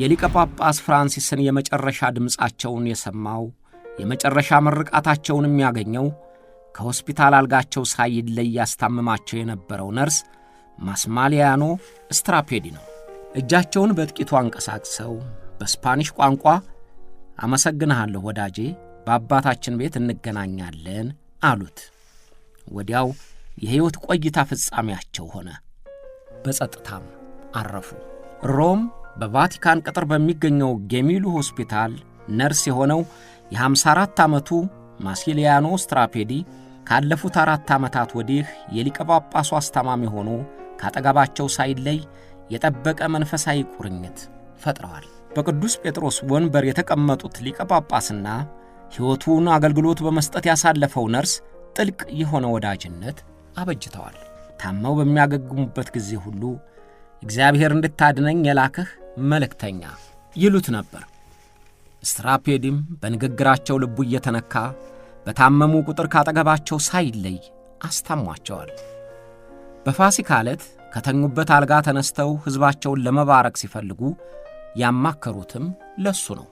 የሊቀ ጳጳስ ፍራንሲስን የመጨረሻ ድምፃቸውን የሰማው የመጨረሻ ምርቃታቸውን የሚያገኘው ከሆስፒታል አልጋቸው ሳይለይ ያስታምማቸው የነበረው ነርስ ማስማሊያኖ ስትራፔዲ ነው። እጃቸውን በጥቂቱ አንቀሳቅሰው በስፓኒሽ ቋንቋ አመሰግንሃለሁ ወዳጄ፣ በአባታችን ቤት እንገናኛለን አሉት። ወዲያው የሕይወት ቆይታ ፍጻሜያቸው ሆነ። በጸጥታም አረፉ። ሮም በቫቲካን ቅጥር በሚገኘው ጌሚሉ ሆስፒታል ነርስ የሆነው የ54 ዓመቱ ማሲሊያኖ ስትራፔዲ ካለፉት አራት ዓመታት ወዲህ የሊቀ ጳጳሱ አስተማሚ ሆኖ ካጠገባቸው ሳይለይ የጠበቀ መንፈሳዊ ቁርኝት ፈጥረዋል። በቅዱስ ጴጥሮስ ወንበር የተቀመጡት ሊቀ ጳጳስና ሕይወቱን አገልግሎት በመስጠት ያሳለፈው ነርስ ጥልቅ የሆነ ወዳጅነት አበጅተዋል። ታመው በሚያገግሙበት ጊዜ ሁሉ እግዚአብሔር እንድታድነኝ የላክህ መልእክተኛ ይሉት ነበር። ስትራፔዲም በንግግራቸው ልቡ እየተነካ በታመሙ ቁጥር ካጠገባቸው ሳይለይ አስታሟቸዋል። በፋሲካ ዕለት ከተኙበት አልጋ ተነስተው ሕዝባቸውን ለመባረክ ሲፈልጉ ያማከሩትም ለሱ ነው።